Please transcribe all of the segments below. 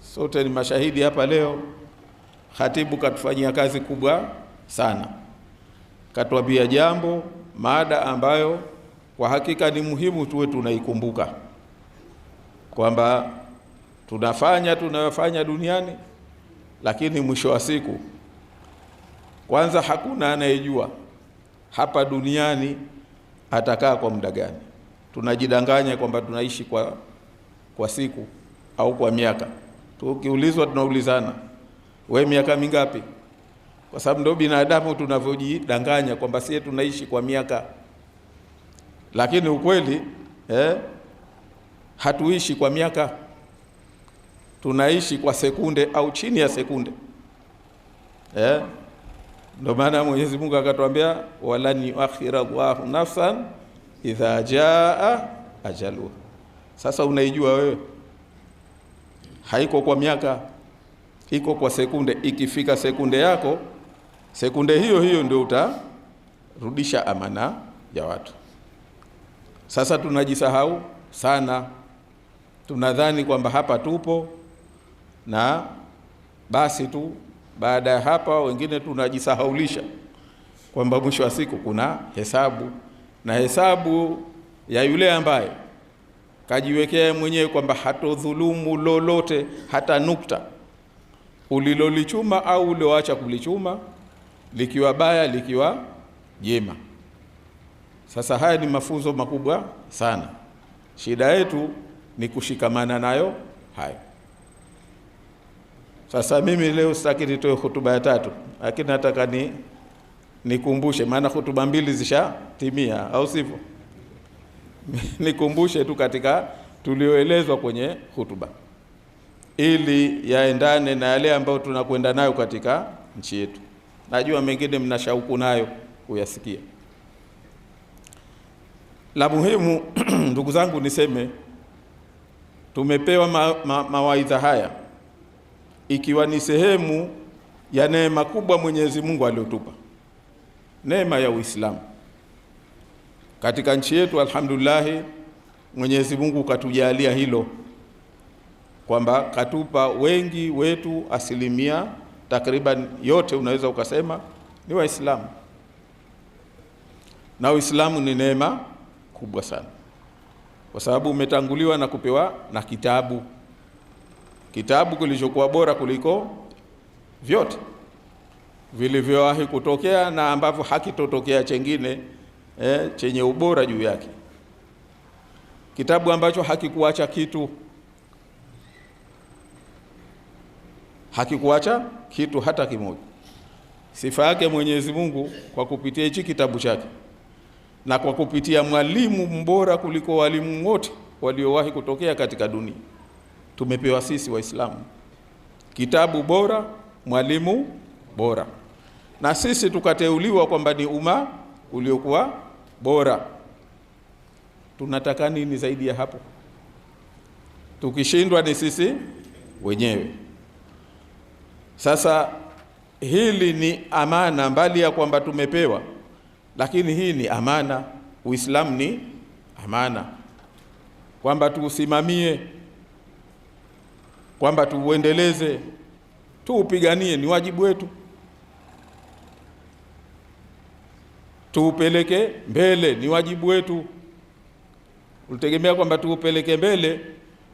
Sote ni mashahidi hapa leo. Khatibu katufanyia kazi kubwa sana, katuambia jambo, mada ambayo kwa hakika ni muhimu tuwe tunaikumbuka kwamba tunafanya tunayofanya duniani, lakini mwisho wa siku, kwanza hakuna anayejua hapa duniani atakaa kwa muda gani. Tunajidanganya kwamba tunaishi kwa, kwa siku au kwa miaka Tukiulizwa tunaulizana we miaka mingapi, kwa sababu ndio binadamu tunavyojidanganya kwamba sie tunaishi kwa miaka, lakini ukweli eh, hatuishi kwa miaka, tunaishi kwa sekunde au chini ya sekunde eh. Ndio maana Mwenyezi Mungu akatuambia walan akhira Allahu nafsan idha jaa ajaluha. Sasa unaijua wewe haiko kwa miaka, iko kwa sekunde. Ikifika sekunde yako, sekunde hiyo hiyo ndio utarudisha amana ya watu. Sasa tunajisahau sana, tunadhani kwamba hapa tupo na basi tu. Baada ya hapa, wengine tunajisahaulisha kwamba mwisho wa siku kuna hesabu, na hesabu ya yule ambaye kajiwekea mwenyewe kwamba hatodhulumu lolote hata nukta, ulilolichuma au ulioacha kulichuma, likiwa baya likiwa jema. Sasa haya ni mafunzo makubwa sana. Shida yetu ni kushikamana nayo hayo. Sasa mimi leo sitaki nitoe hutuba ya tatu, lakini nataka ni nikumbushe, maana hutuba mbili zishatimia, au sivyo? nikumbushe tu katika tulioelezwa kwenye hutuba, ili yaendane na yale ambayo tunakwenda nayo katika nchi yetu. Najua mengine mna shauku nayo kuyasikia. La muhimu ndugu zangu, niseme tumepewa ma, ma, mawaidha haya ikiwa ni sehemu ya neema kubwa Mwenyezi Mungu aliyotupa neema ya Uislamu katika nchi yetu alhamdulillahi, Mwenyezi Mungu katujalia hilo kwamba katupa wengi wetu, asilimia takriban yote unaweza ukasema ni Waislamu, na Uislamu ni neema kubwa sana, kwa sababu umetanguliwa na kupewa na kitabu, kitabu kilichokuwa bora kuliko vyote vilivyowahi kutokea na ambavyo hakitotokea chengine eh, chenye ubora juu yake, kitabu ambacho hakikuacha kitu, hakikuacha kitu hata kimoja. Sifa yake Mwenyezi Mungu kwa kupitia hichi kitabu chake na kwa kupitia mwalimu mbora kuliko walimu wote waliowahi kutokea katika dunia, tumepewa sisi Waislamu kitabu bora, mwalimu bora, na sisi tukateuliwa kwamba ni umma uliokuwa bora. Tunataka nini zaidi ya hapo? Tukishindwa ni sisi wenyewe. Sasa hili ni amana, mbali ya kwamba tumepewa, lakini hii ni amana. Uislamu ni amana, kwamba tuusimamie, kwamba tuuendeleze, tuupiganie, ni wajibu wetu. tuupeleke mbele, ni wajibu wetu. Ulitegemea kwamba tuupeleke mbele,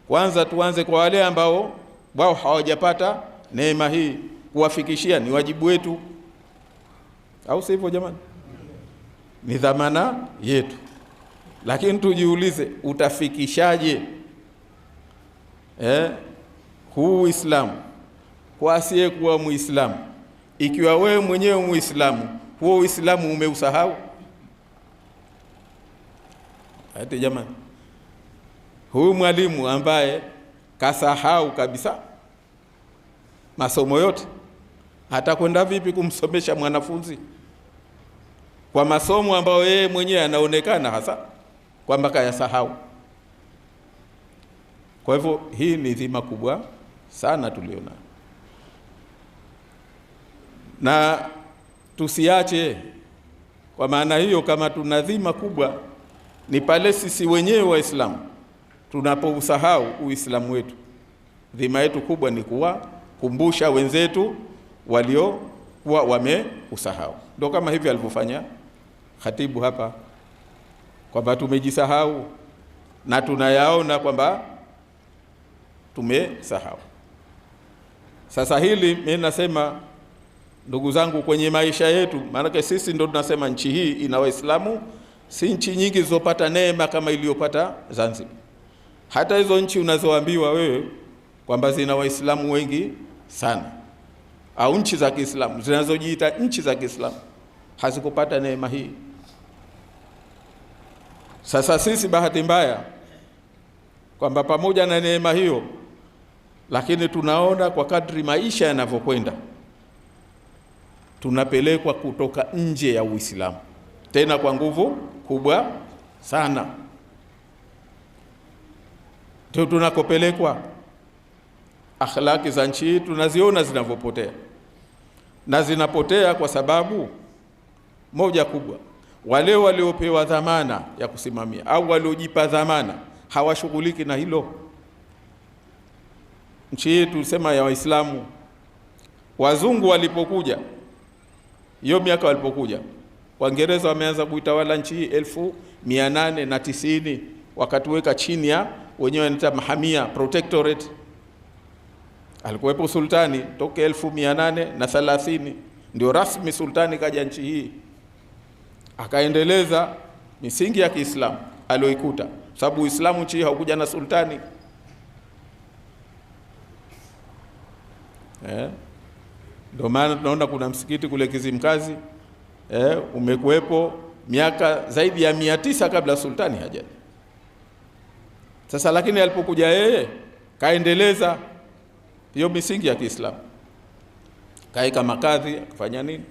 kwanza tuanze kwa wale ambao wao hawajapata neema hii, kuwafikishia ni wajibu wetu, au si hivyo jamani? Ni dhamana yetu, lakini tujiulize, utafikishaje eh, huu Uislamu kwa asiyekuwa Muislamu, ikiwa wewe mwenyewe Muislamu huo Uislamu umeusahau? Ati jamani, huyu mwalimu ambaye kasahau kabisa masomo yote atakwenda vipi kumsomesha mwanafunzi kwa masomo ambayo yeye mwenyewe anaonekana hasa kwamba kayasahau? Kwa hivyo hii ni dhima kubwa sana tuliona na tusiache. Kwa maana hiyo, kama tuna dhima kubwa, ni pale sisi wenyewe Waislamu tunapousahau Uislamu wetu. Dhima yetu kubwa ni kuwakumbusha wenzetu waliokuwa wameusahau, ndo kama hivi alivyofanya khatibu hapa kwamba tumejisahau na tunayaona kwamba tumesahau. Sasa hili mimi nasema ndugu zangu, kwenye maisha yetu, maanake sisi ndo tunasema nchi hii ina Waislamu, si nchi nyingi zilizopata neema kama iliyopata Zanzibar. Hata hizo nchi unazoambiwa wewe kwamba zina Waislamu wengi sana au nchi za Kiislamu zinazojiita nchi za Kiislamu hazikupata neema hii. Sasa sisi bahati mbaya kwamba pamoja na neema hiyo, lakini tunaona kwa kadri maisha yanavyokwenda tunapelekwa kutoka nje ya Uislamu, tena kwa nguvu kubwa sana, ndio tunakopelekwa. Akhlaki za nchi hii tunaziona zinavyopotea, na zinapotea kwa sababu moja kubwa, wale waliopewa dhamana ya kusimamia au waliojipa dhamana hawashughuliki na hilo. Nchi hii tusema ya Waislamu, wazungu walipokuja hiyo miaka walipokuja Waingereza wameanza kuitawala nchi hii elfu mia nane na tisini wakatuweka chini ya wenyewe wanaita mahamia protectorate. Alikuwepo sultani toke elfu mia nane na thalathini ndio rasmi sultani kaja nchi hii akaendeleza misingi ya Kiislamu alioikuta, sababu Uislamu nchi hii haukuja na sultani eh. Ndio maana tunaona kuna msikiti kule Kizimkazi eh, umekuwepo miaka zaidi ya mia tisa kabla sultani hajaja. Sasa lakini alipokuja yeye kaendeleza hiyo misingi ya Kiislamu, kaika makadhi akafanya nini.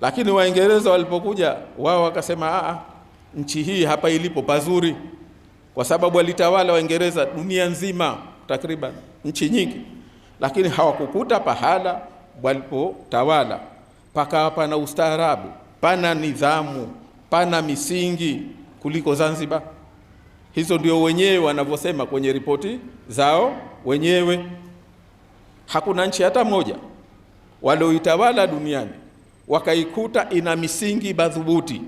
Lakini Waingereza walipokuja wao wakasema a nchi hii hapa ilipo pazuri, kwa sababu walitawala Waingereza dunia nzima takriban nchi nyingi, lakini hawakukuta pahala walipotawala, pakawa pana ustaarabu, pana nidhamu, pana misingi kuliko Zanzibar. Hizo ndio wenyewe wanavyosema kwenye ripoti zao wenyewe. Hakuna nchi hata moja walioitawala duniani wakaikuta ina misingi madhubuti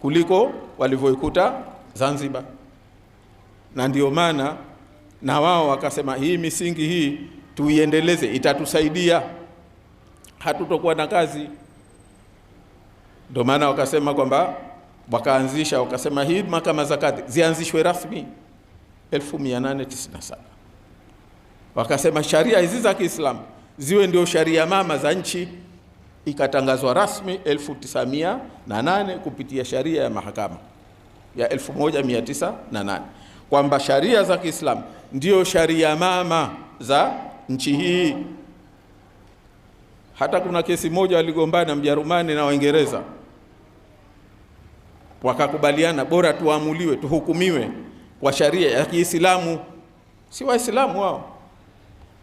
kuliko walivyoikuta Zanzibar, na ndio maana na wao wakasema hii misingi hii tuiendeleze, itatusaidia hatutokuwa na kazi. Ndio maana wakasema kwamba wakaanzisha wakasema mahakama za zakati zianzishwe rasmi 1897 wakasema sharia hizi za Kiislamu ziwe ndio sharia mama za nchi. Ikatangazwa rasmi 1908 kupitia sharia ya mahakama ya 1908 kwamba sharia za Kiislamu ndio sharia mama za nchi hii. Hata kuna kesi moja waligombana Mjerumani na Waingereza, wakakubaliana bora tuamuliwe, tuhukumiwe kwa sharia ya Kiislamu, si Waislamu wao.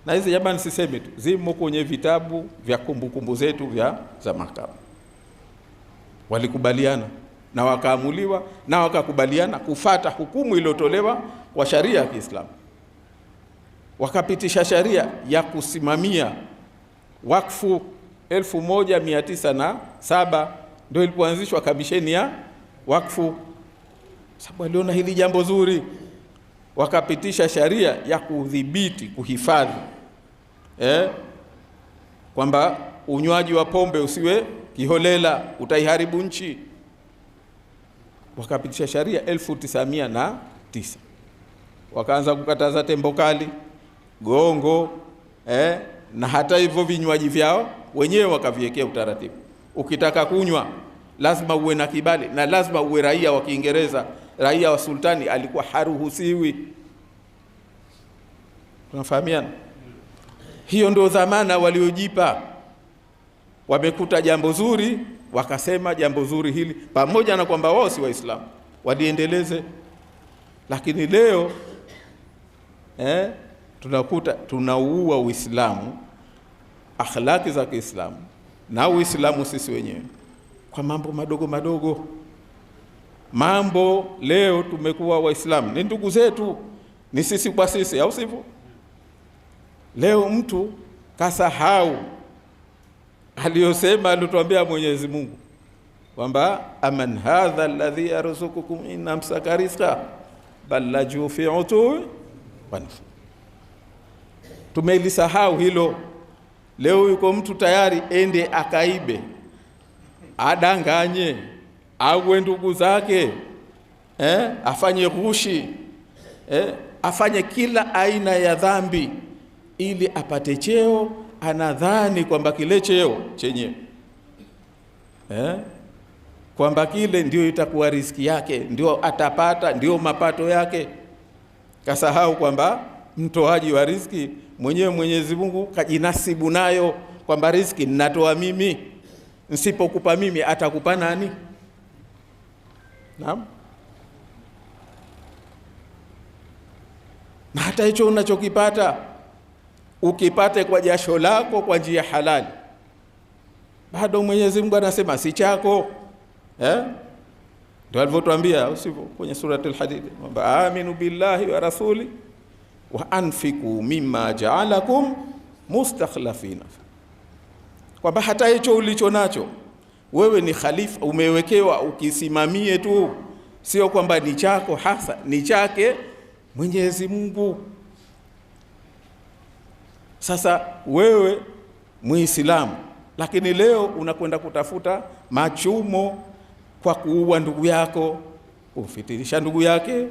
Na hizi jamani, sisemi tu, zimo kwenye vitabu vya kumbukumbu kumbu zetu vya za mahakama. Walikubaliana na wakaamuliwa na wakakubaliana kufata hukumu iliyotolewa kwa sharia ya Kiislamu, wakapitisha sharia ya kusimamia wakfu 1907 ndio ilipoanzishwa kamisheni ya wakfu, sababu aliona hili jambo zuri, wakapitisha sharia ya kudhibiti kuhifadhi, eh, kwamba unywaji wa pombe usiwe kiholela, utaiharibu nchi. Wakapitisha sharia 1909 wakaanza kukataza tembo kali, gongo, eh, na hata hivyo vinywaji vyao wenyewe wakaviwekea utaratibu. Ukitaka kunywa lazima uwe na kibali na lazima uwe raia wa Kiingereza. Raia wa sultani alikuwa haruhusiwi. Tunafahamiana? Hiyo ndio dhamana waliojipa. Wamekuta jambo zuri, wakasema jambo zuri hili, pamoja na kwamba wao si Waislamu, waliendeleze. Lakini leo eh, tunakuta tunauua Uislamu akhlaki za Kiislamu na Uislamu sisi wenyewe kwa mambo madogo madogo. Mambo leo tumekuwa Waislamu ni ndugu zetu, ni sisi kwa sisi, au sivyo? Leo mtu kasahau aliyosema alitwambia Mwenyezi Mungu kwamba aman hadha alladhi yarzukukum in amsaka rizqa bal lajuu fi utwi. Tumelisahau hilo. Leo yuko mtu tayari ende akaibe, adanganye, awe ndugu zake eh, afanye ghushi eh, afanye kila aina ya dhambi ili apate cheo. Anadhani kwamba kile cheo chenye eh, kwamba kile ndio itakuwa riziki yake, ndio atapata, ndio mapato yake. Kasahau kwamba mtoaji wa riziki mwenyewe Mwenyezi Mungu kajinasibu nayo kwamba riziki ninatoa mimi, nsipokupa mimi atakupa nani? Naam. Na hata hicho unachokipata ukipate kwa jasho lako, kwa njia halali, bado Mwenyezi Mungu anasema si chako eh? Ndio alivyotuambia usipo kwenye al Hadid kwamba aminu billahi wa rasuli wa anfiku mima jaalakum mustakhlafina, kwamba hata hicho ulicho nacho wewe ni khalifa, umewekewa ukisimamie tu, sio kwamba ni chako hasa, ni chake Mwenyezi Mungu. Sasa wewe Muislamu, lakini leo unakwenda kutafuta machumo kwa kuua ndugu yako, kumfitirisha ndugu yake,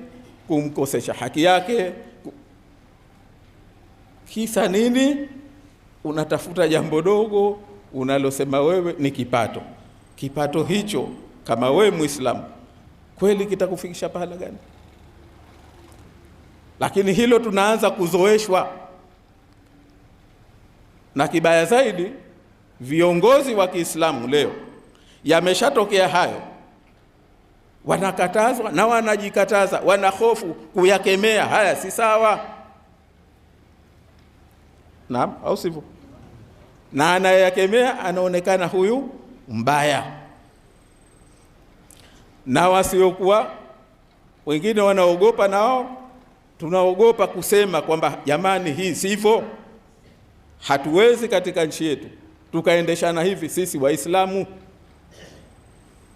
kumkosesha haki yake Kisa nini? Unatafuta jambo dogo unalosema wewe ni kipato. Kipato hicho kama wewe Muislamu kweli kitakufikisha pahala gani? Lakini hilo tunaanza kuzoeshwa, na kibaya zaidi viongozi wa Kiislamu leo, yameshatokea hayo, wanakatazwa na wanajikataza, wanahofu kuyakemea. Haya si sawa. Naam au sivyo? Na anayekemea anaonekana huyu mbaya, na wasiokuwa wengine wanaogopa nao tunaogopa kusema kwamba jamani, hii sivyo. Hatuwezi katika nchi yetu tukaendeshana hivi sisi Waislamu.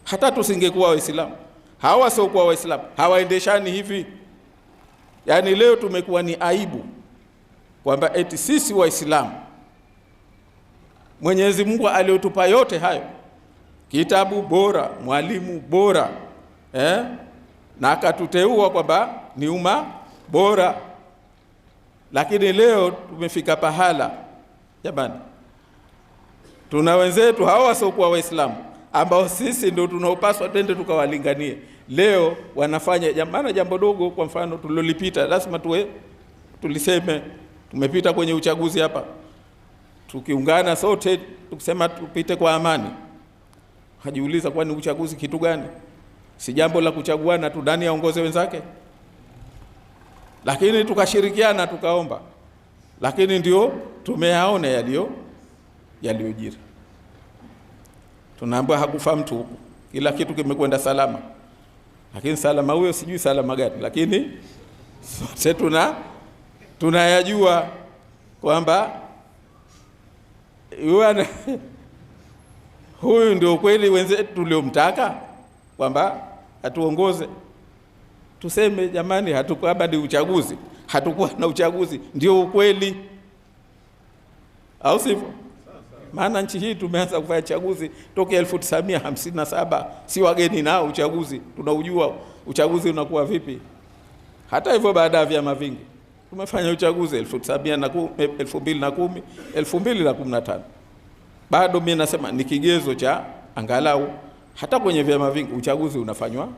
Hata tusingekuwa Waislamu, hawa wasiokuwa Waislamu hawaendeshani hivi. Yaani leo tumekuwa ni aibu kwamba eti sisi Waislamu Mwenyezi Mungu aliotupa yote hayo, kitabu bora, mwalimu bora eh? na akatuteua kwamba ni umma bora, lakini leo tumefika pahala jamani, tuna wenzetu hawa wasiokuwa Waislamu ambao sisi ndio tunaopaswa twende tukawalinganie. Leo wanafanya jambo dogo, kwa mfano tulilolipita, lazima tuwe tuliseme Tumepita kwenye uchaguzi hapa, tukiungana sote tukisema tupite kwa amani. Hajiuliza, kwani uchaguzi kitu gani? Si jambo la kuchaguana tu, nani aongoze wenzake. Lakini tukashirikiana tukaomba, lakini ndio tumeyaona yaliyo yaliyojiri. Tunaambiwa hakufa mtu kila kitu kimekwenda salama, lakini salama huyo sijui salama gani, lakini sote tuna tunayajua kwamba huyu ndio kweli wenzetu tuliomtaka kwamba hatuongoze, tuseme jamani, hatukabadi uchaguzi, hatukuwa na uchaguzi, ndio ukweli, au sivyo? Maana nchi hii tumeanza kufanya chaguzi tokea 1957 si wageni nao uchaguzi, tunaujua uchaguzi unakuwa vipi. Hata hivyo, baada ya vyama vingi tumefanya uchaguzi elfu sabini na kumi, elfu mbili na kumi, elfu mbili na kumi na tano. Bado mimi nasema ni kigezo cha angalau hata kwenye vyama vingi uchaguzi unafanywa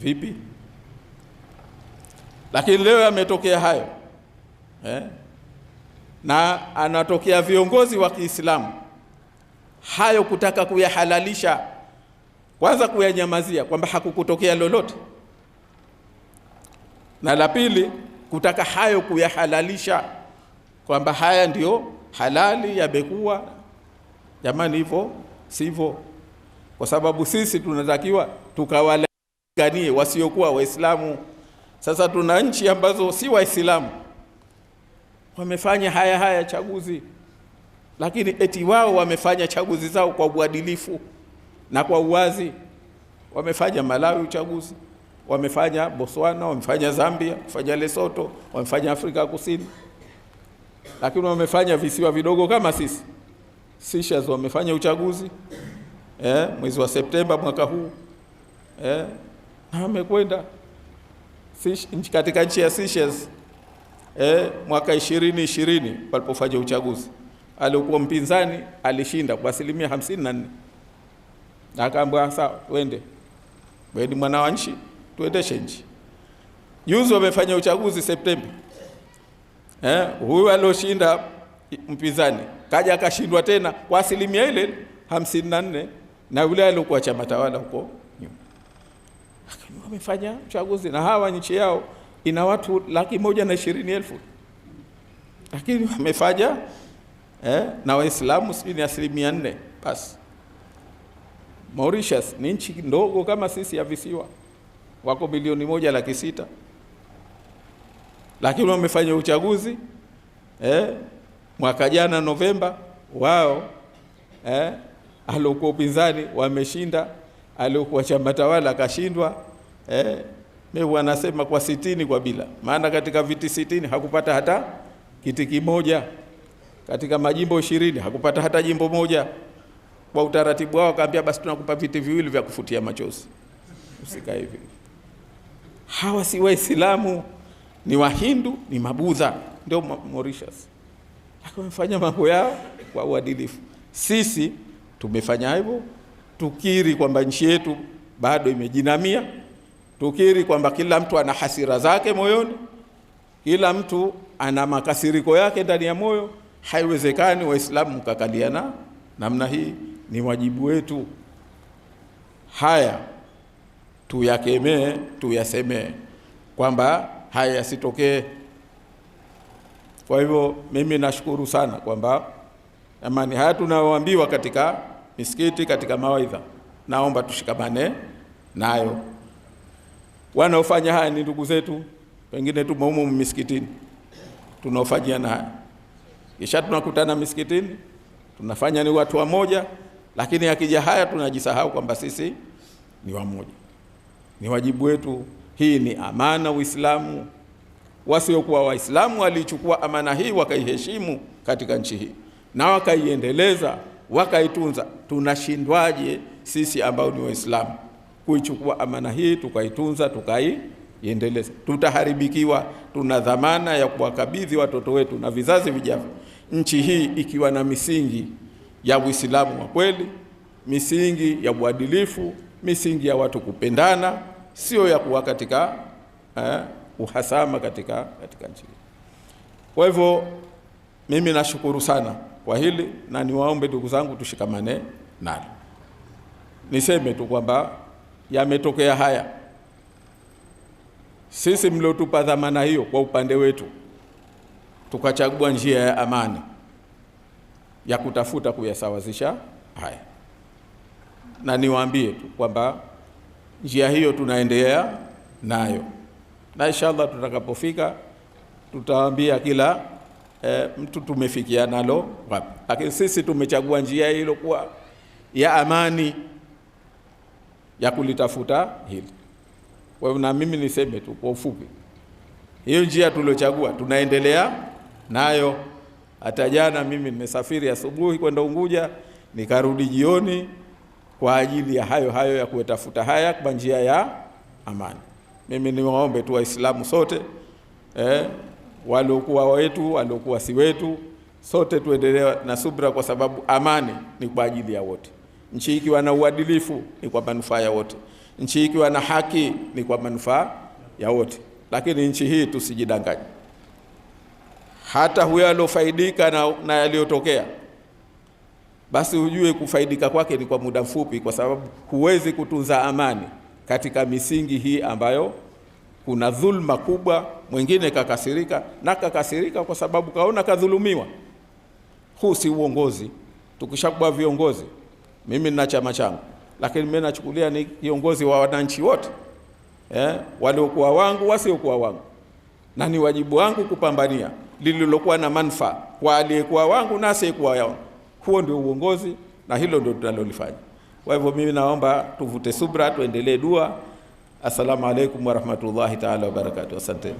vipi. Lakini leo yametokea hayo eh? na anatokea viongozi wa Kiislamu hayo kutaka kuyahalalisha, kwanza kuyanyamazia kwamba hakukutokea lolote, na la pili kutaka hayo kuyahalalisha kwamba haya ndiyo halali yamekuwa. Jamani, hivyo sivyo, kwa sababu sisi tunatakiwa tukawalinganie wasiokuwa Waislamu. Sasa tuna nchi ambazo si Waislamu wamefanya haya haya chaguzi, lakini eti wao wamefanya chaguzi zao kwa uadilifu na kwa uwazi. Wamefanya Malawi uchaguzi wamefanya Botswana, wamefanya Zambia, wamefanya Lesotho, wamefanya Afrika Kusini, lakini wamefanya visiwa vidogo kama sisi. Seychelles wamefanya uchaguzi eh, mwezi wa Septemba mwaka huu eh, na wamekwenda katika nchi ya Seychelles eh, mwaka ishirini ishirini walipofanya uchaguzi, aliokuwa mpinzani alishinda kwa asilimia hamsini na nne akaambwa sawa, twende weni mwana wa nchi tuendeshe nchi. Juzi wamefanya uchaguzi Septemba, eh, huyu alioshinda mpinzani kaja akashindwa tena kwa asilimia ile hamsini na nne na yule aliokuwa chama tawala huko nyuma. Wamefanya uchaguzi na hawa nchi yao ina watu laki moja na ishirini elfu lakini wamefanya eh, na Waislamu sijui ni asilimia nne basi. Mauritius ni nchi ndogo kama sisi ya visiwa wako bilioni moja laki sita, lakini wamefanya uchaguzi eh, mwaka jana Novemba wao eh, aliokuwa upinzani wameshinda, aliokuwa chama tawala akashindwa. Eh, mimi wanasema kwa sitini kwa bila, maana katika viti sitini hakupata hata kiti kimoja, katika majimbo ishirini hakupata hata jimbo moja. Kwa utaratibu wao akaambia, basi tunakupa viti viwili vya kufutia machozi, usikae hivi hawa si Waislamu, ni Wahindu, ni Mabudha, ndio Mauritius. Wamefanya mambo yao kwa uadilifu. Sisi tumefanya hivyo, tukiri kwamba nchi yetu bado imejinamia, tukiri kwamba kila mtu ana hasira zake moyoni, kila mtu ana makasiriko yake ndani ya moyo. Haiwezekani Waislamu mkakaliana namna hii, ni wajibu wetu. Haya tuyakemee, tuyasemee kwamba haya yasitokee. Kwa hivyo mimi nashukuru sana kwamba amani haya tunayoambiwa katika misikiti, katika mawaidha, naomba tushikamane nayo. Wanaofanya haya ni ndugu zetu, pengine tumo misikitini tunaofanyia na haya, kisha tunakutana misikitini tunafanya ni watu wamoja, lakini akija haya tunajisahau kwamba sisi ni wamoja. Ni wajibu wetu, hii ni amana Uislamu. Wasiokuwa Waislamu walichukua amana hii wakaiheshimu katika nchi hii na wakaiendeleza wakaitunza. Tunashindwaje sisi ambao ni Waislamu kuichukua amana hii tukaitunza tukaiendeleza? Tutaharibikiwa. Tuna dhamana ya kuwakabidhi watoto wetu na vizazi vijavyo nchi hii ikiwa na misingi ya Uislamu wa kweli, misingi ya uadilifu, misingi ya watu kupendana sio ya kuwa katika eh, uhasama katika, katika nchi. Kwa hivyo mimi nashukuru sana kwa hili na niwaombe ndugu zangu tushikamane nalo. Niseme tu kwamba yametokea haya, sisi mliotupa dhamana hiyo kwa upande wetu tukachagua njia ya amani ya kutafuta kuyasawazisha haya, na niwaambie tu kwamba Njia hiyo tunaendelea nayo, na inshallah tutakapofika tutaambia kila e, mtu tumefikia nalo wapi, lakini sisi tumechagua njia hilo kuwa ya amani ya kulitafuta hili. Kwa hivyo na mimi niseme tu kwa ufupi, hiyo njia tuliochagua tunaendelea nayo. Hata jana mimi nimesafiri asubuhi kwenda Unguja, nikarudi jioni kwa ajili ya hayo hayo ya kuyatafuta haya kwa njia ya amani. Mimi niwaombe tu Waislamu sote eh, waliokuwa wetu, waliokuwa si wetu, sote tuendelee na subra, kwa sababu amani ni kwa ajili ya wote. Nchi ikiwa na uadilifu ni kwa manufaa ya wote, nchi ikiwa na haki ni kwa manufaa ya wote. Lakini nchi hii tusijidanganye, hata huyo aliofaidika na, na yaliyotokea basi ujue kufaidika kwake ni kwa muda mfupi, kwa sababu huwezi kutunza amani katika misingi hii ambayo kuna dhulma kubwa. Mwingine kakasirika na kakasirika kwa sababu kaona kadhulumiwa. Huu si uongozi. Tukishakuwa viongozi, mimi nina chama changu, lakini mimi nachukulia ni kiongozi wa wananchi wote eh, waliokuwa wangu, wasiokuwa wangu, na ni wajibu wangu kupambania lililokuwa na manufaa kwa aliyekuwa wangu na asiyekuwa wangu. Huo ndio uongozi na hilo ndio tunalolifanya. Kwa hivyo mimi naomba tuvute subra, tuendelee dua. Assalamu alaikum warahmatullahi taala wabarakatu. Asante.